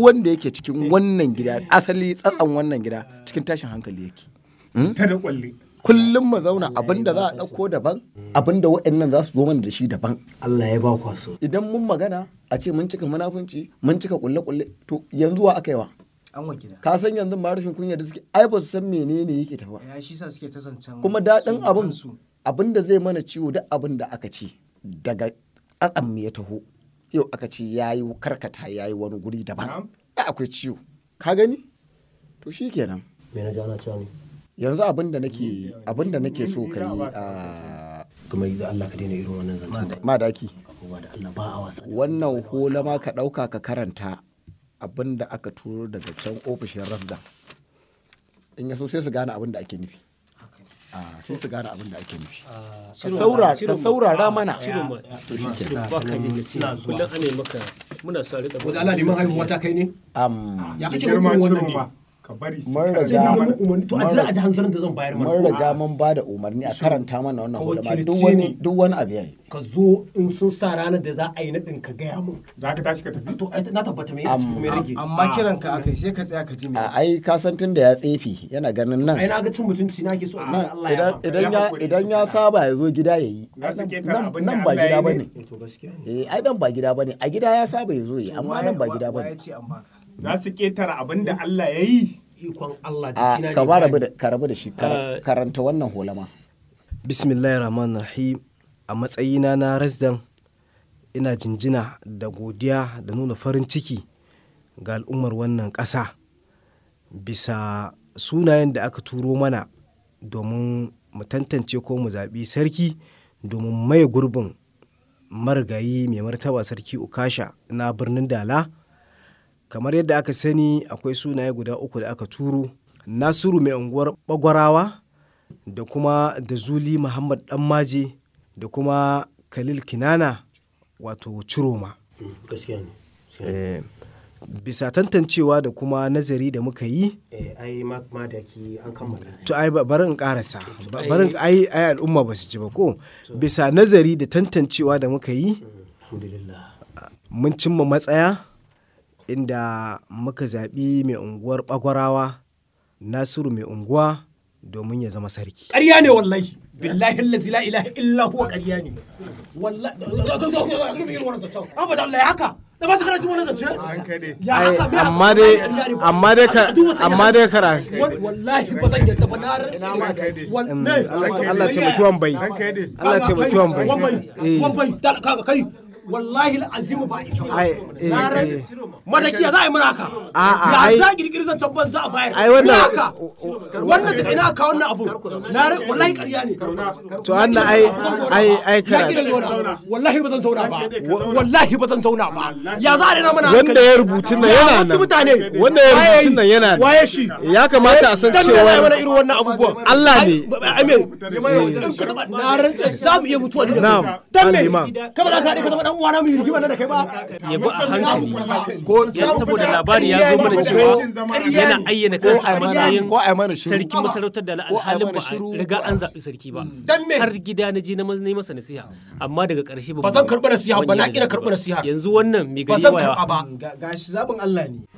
wanda yake cikin eh. wannan gida asali tsatsan wannan gida cikin tashin hankali yake kada hmm? kwalle kullum ma zauna abinda za a ɗauko daban abinda wa'annan za su zo mana da shi daban Allah ya ba kwaso idan mun magana a ce mun cika munafunci mun cika kulle kulle to yanzu wa aka yi wa an wakila ka san yanzu ma rashin kunya da suke ai ba su san menene yake tafa ya shi sa suke ta zancen kuma daɗin abin abin da zai mana ciwo duk abinda aka ci daga tsatsan me ya taho yau aka ce ya yi karkata ya yi wani guri daban ya akwai ciwo ka gani to shi kenan me yanzu abin da nake abin nake so ka yi a ah, kuma da Allah ka daina irin wannan zancen ma abubuwa da Allah wannan hula ma ka dauka ka karanta abin da aka turo daga can ofishin rasda in ya so sai su gane abin da ake nufi Ah, sai su gane abin da ake nufi ah, ta saurara mana ah, to shi ke ba ka jin zuwa kullum ana maka muna sa rika ko da Allah neman haihuwa ta kai ne ya kake mutum wannan ne ka bari su mun riga zan bayar mana mun riga mun ba da umarni a karanta mana wannan hulama duk wani duk wani abu yayi ka zo in sun sa ranar da za a yi nadin ka gaya mun za ka tashi ka tafi to na tabbata me yake me rage amma kiran ka akai sai ka tsaya ka ji me ai ka san tun da ya tsefi yana ganin nan ai na ga cin mutunci na ke so a Allah ya idan ya idan ya saba ya zo gida yayi nan ba gida bane eh, to gaskiya ne eh ai dan ba gida bane a gida ya saba ya zo yi amma nan ba gida bane za su ketara abin da Allah ya yi ikon Allah jikina ne ka rabu da shi karanta wannan holama bismillahir rahim a matsayina na rasdan ina jinjina da godiya da nuna farin ciki ga al'ummar wannan ƙasa bisa sunayen da aka turo mana domin mu tantance ko mu zaɓi sarki domin maye gurbin marigayi mai martaba sarki ukasha na birnin dala kamar yadda aka sani akwai sunaye guda uku da aka turo nasiru mai unguwar bagwarawa da kuma da zuli muhammad maje da kuma khalil kinana wato ciroma eh, bisa tantancewa da kuma nazari da muka yi eh, to ai barin karasa barin ai ai al'umma ba su ji ba ko bisa nazari da tantancewa da muka yi mun cimma matsaya inda muka zaɓi mai unguwar bagwarawa nasiru mai unguwa domin ya zama sarki ƙarya ne wallahi billahi la ilaha illa huwa ƙarya ne wallahi abada Allah ya haka da ba su wannan zance ya haka amma dai amma dai amma dai wallahi ba zan yarda ba na Allah bai Allah bai wan bai wan bai kai wallahi azimu ba isa eh, eh, eh. za a yi muraka ya za a girgiri zancen za a bayar ai wannan wannan daga ina ka wannan abu wallahi ƙarya ne to ai ai ai wallahi ba zan ba wallahi ba ba ya za a rena mana wanda ya nan yana ya nan yana nan waye shi ya kamata na rantsa da dan ka zama dan uwana mu yirgi mana da kai ba yabo a hankali saboda labari ya zo mana cewa yana ayyana kansa a matsayin sarki masarautar da alhalin ba riga an zaɓi sarki ba mm. har gida na je na yi masa nasiha amma daga ƙarshe ba zan karɓi nasiha ba na ƙi karɓi nasiha yanzu wannan mai gari ba gashi zaɓin Allah ne